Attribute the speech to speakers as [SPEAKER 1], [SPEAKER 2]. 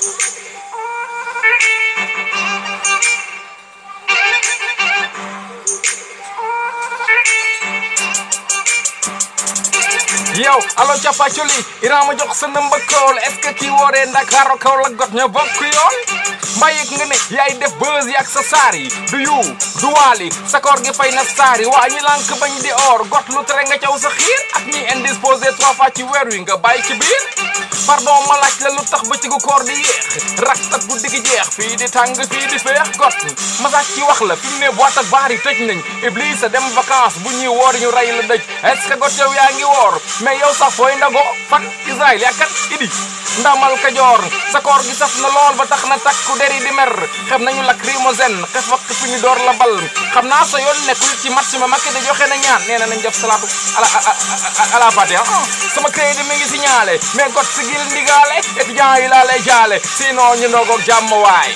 [SPEAKER 1] you
[SPEAKER 2] yow alo capacoli i ma jox sa nëmba kool est-ce que kii wooree Ndakaaru kaw la got ña bokk yoon mbayik nga ne yaay def buzz yi ak sa saar yi du yu du waali sa koor gi fay na saar yi waa ñi lànk bañ di or got lu tere nga caw sa xiir ak ñi indisposé trois fois ci weer wi nga bàyyi ci biir pardon ma laaj la lu tax ba ci gu koor di yéex rak tat bu digg jeex fii di tàng fii di feex got masaaj ci wax la fi mu ne boîte ak baar a dem vacances bu ñuy woor ñu rey la dëj yaa ngi woor mais yow sax fooy ndago fan Israël yaa kat idi ndamal kajoor sa koor gi saf na lool ba tax na takku deri di mer xam nañu lakk lacrymogène xef wakk fi ñu door la bal xam naa sa yoon nekkul ci match ma makk de joxe na ñaan nee na nañ def salaatu ala ala fatiha sama crédit mi ngi signalé mais got sigil ndigaale étudiant yi laa lay jaale sinon ñu ndogoog jàmm waay